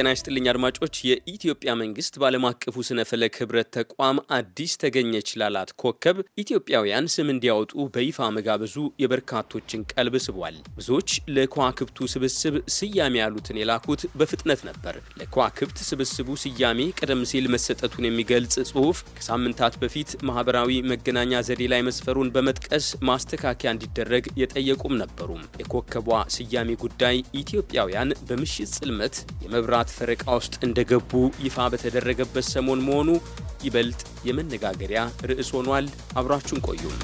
ጤና ይስጥልኝ አድማጮች። የኢትዮጵያ መንግስት በዓለም አቀፉ ስነ ፈለክ ህብረት ተቋም አዲስ ተገኘች ላላት ኮከብ ኢትዮጵያውያን ስም እንዲያወጡ በይፋ መጋበዙ የበርካቶችን ቀልብ ስቧል። ብዙዎች ለከዋክብቱ ስብስብ ስያሜ ያሉትን የላኩት በፍጥነት ነበር። ለከዋክብት ስብስቡ ስያሜ ቀደም ሲል መሰጠቱን የሚገልጽ ጽሑፍ ከሳምንታት በፊት ማህበራዊ መገናኛ ዘዴ ላይ መስፈሩን በመጥቀስ ማስተካከያ እንዲደረግ የጠየቁም ነበሩም። የኮከቧ ስያሜ ጉዳይ ኢትዮጵያውያን በምሽት ጽልመት የመብራት የጥቃት ፈረቃ ውስጥ እንደገቡ ይፋ በተደረገበት ሰሞን መሆኑ ይበልጥ የመነጋገሪያ ርዕስ ሆኗል። አብራችሁን ቆዩም።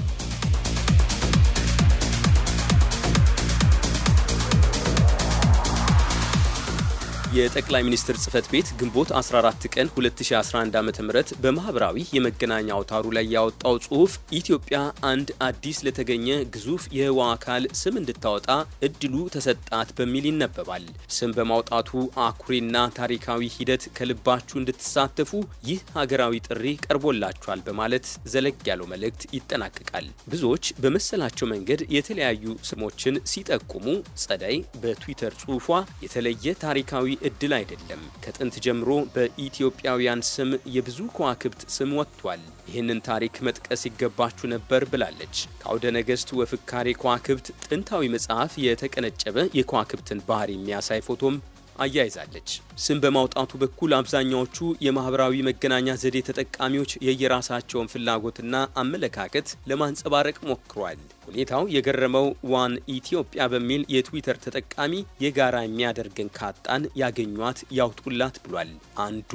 የጠቅላይ ሚኒስትር ጽህፈት ቤት ግንቦት 14 ቀን 2011 ዓ.ም በማህበራዊ የመገናኛ አውታሩ ላይ ያወጣው ጽሑፍ ኢትዮጵያ አንድ አዲስ ለተገኘ ግዙፍ የህዋ አካል ስም እንድታወጣ እድሉ ተሰጣት በሚል ይነበባል። ስም በማውጣቱ አኩሪና ታሪካዊ ሂደት ከልባችሁ እንድትሳተፉ ይህ ሀገራዊ ጥሪ ቀርቦላችኋል በማለት ዘለግ ያለው መልእክት ይጠናቀቃል። ብዙዎች በመሰላቸው መንገድ የተለያዩ ስሞችን ሲጠቁሙ ጸዳይ በትዊተር ጽሑፏ የተለየ ታሪካዊ እድል አይደለም። ከጥንት ጀምሮ በኢትዮጵያውያን ስም የብዙ ከዋክብት ስም ወጥቷል። ይህንን ታሪክ መጥቀስ ይገባችሁ ነበር ብላለች። ከአውደ ነገሥት ወፍካሬ ከዋክብት ጥንታዊ መጽሐፍ የተቀነጨበ የከዋክብትን ባህሪ የሚያሳይ ፎቶም አያይዛለች። ስም በማውጣቱ በኩል አብዛኛዎቹ የማህበራዊ መገናኛ ዘዴ ተጠቃሚዎች የየራሳቸውን ፍላጎትና አመለካከት ለማንጸባረቅ ሞክሯል። ሁኔታው የገረመው ዋን ኢትዮጵያ በሚል የትዊተር ተጠቃሚ የጋራ የሚያደርገን ካጣን ያገኟት ያውጡላት ብሏል። አንዱ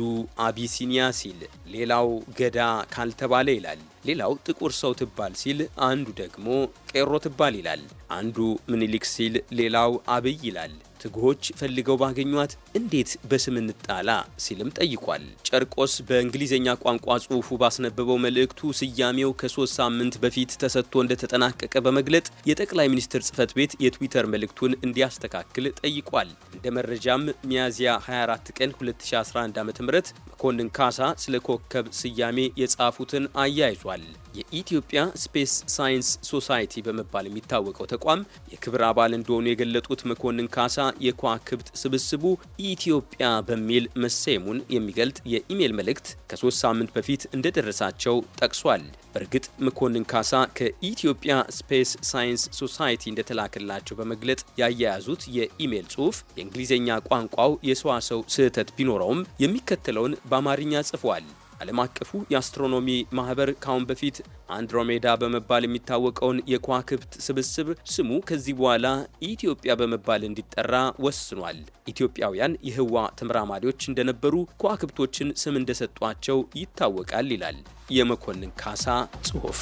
አቢሲኒያ ሲል ሌላው ገዳ ካልተባለ ይላል። ሌላው ጥቁር ሰው ትባል ሲል አንዱ ደግሞ ቄሮ ትባል ይላል። አንዱ ምኒልክ ሲል ሌላው አብይ ይላል። ትግሆች ፈልገው ባገኟት እንዴት በስም እንጣላ ሲልም ጠይቋል። ጨርቆስ በእንግሊዝኛ ቋንቋ ጽሑፉ ባስነበበው መልእክቱ ስያሜው ከሶስት ሳምንት በፊት ተሰጥቶ እንደተጠናቀቀ በመግለጥ የጠቅላይ ሚኒስትር ጽህፈት ቤት የትዊተር መልእክቱን እንዲያስተካክል ጠይቋል። እንደ መረጃም ሚያዝያ 24 ቀን 2011 ዓ ም መኮንን ካሳ ስለ ኮከብ ስያሜ የጻፉትን አያይዟል። የኢትዮጵያ ስፔስ ሳይንስ ሶሳይቲ በመባል የሚታወቀው ተቋም የክብር አባል እንደሆኑ የገለጡት መኮንን ካሳ የከዋክብት ስብስቡ ኢትዮጵያ በሚል መሰየሙን የሚገልጥ የኢሜይል መልእክት ከሶስት ሳምንት በፊት እንደደረሳቸው ጠቅሷል። በእርግጥ መኮንን ካሳ ከኢትዮጵያ ስፔስ ሳይንስ ሶሳይቲ እንደተላከላቸው በመግለጥ ያያያዙት የኢሜል ጽሑፍ የእንግሊዝኛ ቋንቋው የሰዋሰው ስህተት ቢኖረውም የሚከተለውን በአማርኛ ጽፏል። ዓለም አቀፉ የአስትሮኖሚ ማህበር ካሁን በፊት አንድሮሜዳ በመባል የሚታወቀውን የከዋክብት ስብስብ ስሙ ከዚህ በኋላ ኢትዮጵያ በመባል እንዲጠራ ወስኗል። ኢትዮጵያውያን የህዋ ተመራማሪዎች እንደነበሩ ከዋክብቶችን ስም እንደሰጧቸው ይታወቃል ይላል የመኮንን ካሳ ጽሑፍ።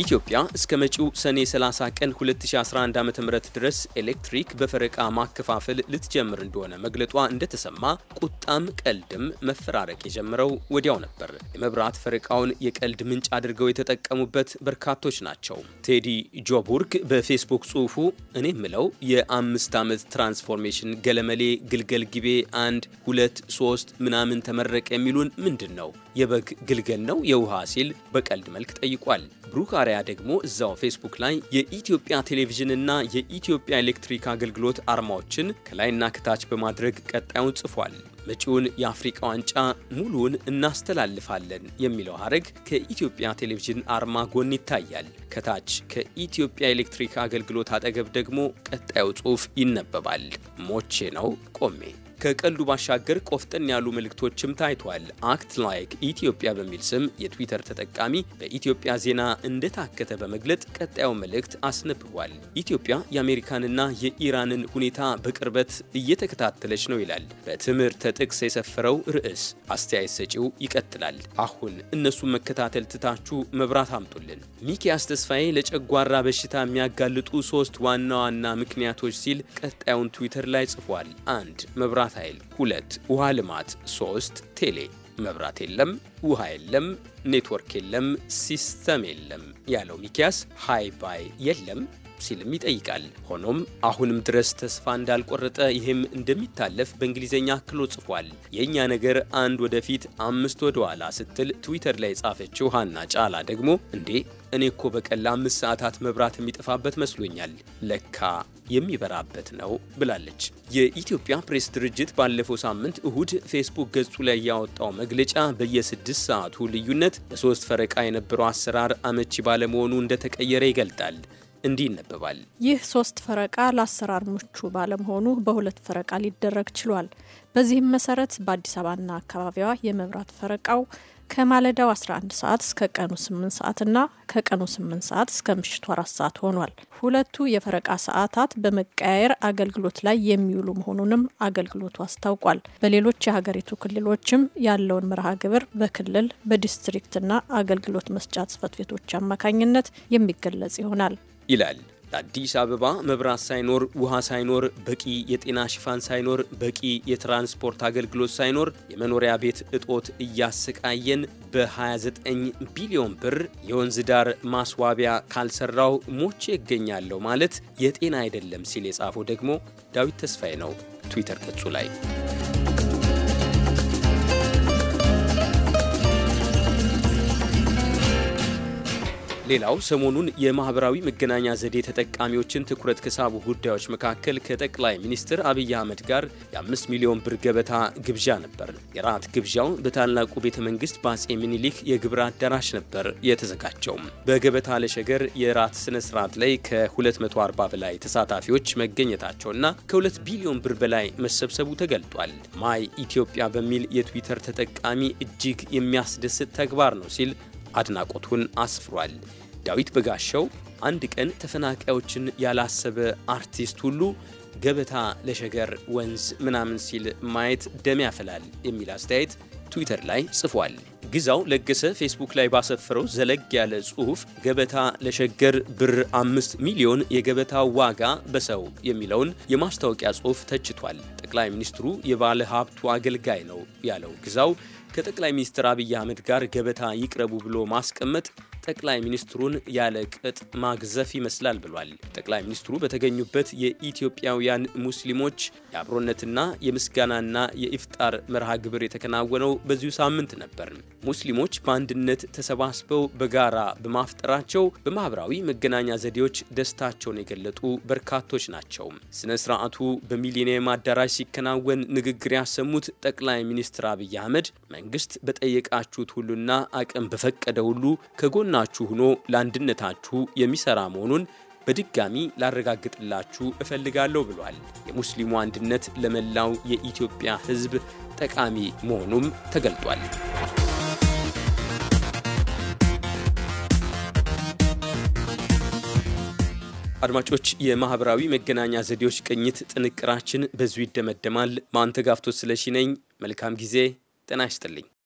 ኢትዮጵያ እስከ መጪው ሰኔ 30 ቀን 2011 ዓ ም ድረስ ኤሌክትሪክ በፈረቃ ማከፋፈል ልትጀምር እንደሆነ መግለጧ እንደተሰማ ቁጣም ቀልድም መፈራረቅ የጀመረው ወዲያው ነበር። የመብራት ፈረቃውን የቀልድ ምንጭ አድርገው የተጠቀሙበት በርካቶች ናቸው። ቴዲ ጆቡርግ በፌስቡክ ጽሑፉ እኔ ምለው የአምስት ዓመት ትራንስፎርሜሽን ገለመሌ ግልገል ጊቤ አንድ ሁለት ሶስት ምናምን ተመረቀ የሚሉን ምንድን ነው? የበግ ግልገል ነው የውሃ ሲል በቀልድ መልክ ጠይቋል። ብሩክ አሪያ ደግሞ እዛው ፌስቡክ ላይ የኢትዮጵያ ቴሌቪዥንና የኢትዮጵያ ኤሌክትሪክ አገልግሎት አርማዎችን ከላይና ከታች በማድረግ ቀጣዩን ጽፏል። መጪውን የአፍሪቃ ዋንጫ ሙሉውን እናስተላልፋለን የሚለው ሀረግ ከኢትዮጵያ ቴሌቪዥን አርማ ጎን ይታያል። ከታች ከኢትዮጵያ ኤሌክትሪክ አገልግሎት አጠገብ ደግሞ ቀጣዩ ጽሑፍ ይነበባል። ሞቼ ነው ቆሜ ከቀልዱ ባሻገር ቆፍጠን ያሉ መልእክቶችም ታይቷል። አክት ላይክ ኢትዮጵያ በሚል ስም የትዊተር ተጠቃሚ በኢትዮጵያ ዜና እንደታከተ በመግለጥ ቀጣዩ መልእክት አስነብቧል። ኢትዮጵያ የአሜሪካንና የኢራንን ሁኔታ በቅርበት እየተከታተለች ነው ይላል በትምህርት ጥቅስ የሰፈረው ርዕስ። አስተያየት ሰጪው ይቀጥላል። አሁን እነሱን መከታተል ትታችሁ መብራት አምጡልን። ሚኪያስ ተስፋዬ ለጨጓራ በሽታ የሚያጋልጡ ሶስት ዋና ዋና ምክንያቶች ሲል ቀጣዩን ትዊተር ላይ ጽፏል። አንድ መብራት መብራት ኃይል፣ ሁለት ውሃ ልማት፣ ሶስት ቴሌ መብራት የለም፣ ውሃ የለም፣ ኔትወርክ የለም፣ ሲስተም የለም ያለው ሚኪያስ ሃይ ባይ የለም ሲልም ይጠይቃል። ሆኖም አሁንም ድረስ ተስፋ እንዳልቆረጠ ይህም እንደሚታለፍ በእንግሊዝኛ አክሎ ጽፏል። የእኛ ነገር አንድ ወደፊት አምስት ወደ ኋላ ስትል ትዊተር ላይ የጻፈችው ሀና ጫላ ደግሞ እንዴ እኔ እኮ በቀን ለአምስት ሰዓታት መብራት የሚጠፋበት መስሎኛል ለካ የሚበራበት ነው ብላለች። የኢትዮጵያ ፕሬስ ድርጅት ባለፈው ሳምንት እሁድ ፌስቡክ ገጹ ላይ ያወጣው መግለጫ በየስድስት ሰዓቱ ልዩነት በሶስት ፈረቃ የነበረው አሰራር አመቺ ባለመሆኑ እንደተቀየረ ይገልጣል። እንዲህ ይነበባል። ይህ ሶስት ፈረቃ ለአሰራር ምቹ ባለመሆኑ በሁለት ፈረቃ ሊደረግ ችሏል። በዚህም መሰረት በአዲስ አበባና አካባቢዋ የመብራት ፈረቃው ከማለዳው 11 ሰዓት እስከ ቀኑ 8 ሰዓት እና ከቀኑ 8 ሰዓት እስከ ምሽቱ 4 ሰዓት ሆኗል። ሁለቱ የፈረቃ ሰዓታት በመቀያየር አገልግሎት ላይ የሚውሉ መሆኑንም አገልግሎቱ አስታውቋል። በሌሎች የሀገሪቱ ክልሎችም ያለውን መርሃ ግብር በክልል በዲስትሪክትና አገልግሎት መስጫ ጽህፈት ቤቶች አማካኝነት የሚገለጽ ይሆናል ይላል አዲስ አበባ መብራት ሳይኖር ውሃ ሳይኖር በቂ የጤና ሽፋን ሳይኖር በቂ የትራንስፖርት አገልግሎት ሳይኖር የመኖሪያ ቤት እጦት እያሰቃየን በ29 ቢሊዮን ብር የወንዝ ዳር ማስዋቢያ ካልሰራው ሞቼ ይገኛለሁ ማለት የጤና አይደለም ሲል የጻፈው ደግሞ ዳዊት ተስፋዬ ነው ትዊተር ገጹ ላይ። ሌላው ሰሞኑን የማህበራዊ መገናኛ ዘዴ ተጠቃሚዎችን ትኩረት ከሳቡ ጉዳዮች መካከል ከጠቅላይ ሚኒስትር አብይ አህመድ ጋር የአምስት ሚሊዮን ብር ገበታ ግብዣ ነበር። የራት ግብዣው በታላቁ ቤተ መንግስት በአጼ ምኒልክ የግብር አዳራሽ ነበር የተዘጋጀው። በገበታ ለሸገር የራት ስነ ስርዓት ላይ ከ240 በላይ ተሳታፊዎች መገኘታቸውና ከ2 ቢሊዮን ብር በላይ መሰብሰቡ ተገልጧል። ማይ ኢትዮጵያ በሚል የትዊተር ተጠቃሚ እጅግ የሚያስደስት ተግባር ነው ሲል አድናቆቱን አስፍሯል። ዳዊት በጋሻው አንድ ቀን ተፈናቃዮችን ያላሰበ አርቲስት ሁሉ ገበታ ለሸገር ወንዝ ምናምን ሲል ማየት ደም ያፈላል የሚል አስተያየት ትዊተር ላይ ጽፏል። ግዛው ለገሰ ፌስቡክ ላይ ባሰፈረው ዘለግ ያለ ጽሁፍ ገበታ ለሸገር ብር አምስት ሚሊዮን የገበታ ዋጋ በሰው የሚለውን የማስታወቂያ ጽሁፍ ተችቷል። ጠቅላይ ሚኒስትሩ የባለ ሀብቱ አገልጋይ ነው ያለው ግዛው ከጠቅላይ ሚኒስትር አብይ አህመድ ጋር ገበታ ይቅረቡ ብሎ ማስቀመጥ ጠቅላይ ሚኒስትሩን ያለ ቅጥ ማግዘፍ ይመስላል ብሏል። ጠቅላይ ሚኒስትሩ በተገኙበት የኢትዮጵያውያን ሙስሊሞች የአብሮነትና የምስጋናና የኢፍጣር መርሃ ግብር የተከናወነው በዚሁ ሳምንት ነበር። ሙስሊሞች በአንድነት ተሰባስበው በጋራ በማፍጠራቸው በማኅበራዊ መገናኛ ዘዴዎች ደስታቸውን የገለጡ በርካቶች ናቸው። ስነ ስርዓቱ በሚሊኒየም አዳራሽ ሲከናወን ንግግር ያሰሙት ጠቅላይ ሚኒስትር አብይ አህመድ መንግስት በጠየቃችሁት ሁሉና አቅም በፈቀደ ሁሉ ከጎን ከጎናችሁ ሆኖ ለአንድነታችሁ የሚሰራ መሆኑን በድጋሚ ላረጋግጥላችሁ እፈልጋለሁ ብሏል። የሙስሊሙ አንድነት ለመላው የኢትዮጵያ ሕዝብ ጠቃሚ መሆኑም ተገልጧል። አድማጮች፣ የማኅበራዊ መገናኛ ዘዴዎች ቅኝት ጥንቅራችን በዙ ይደመደማል። ማንተጋፍቶ ስለሺ ነኝ። መልካም ጊዜ። ጤና ይስጥልኝ።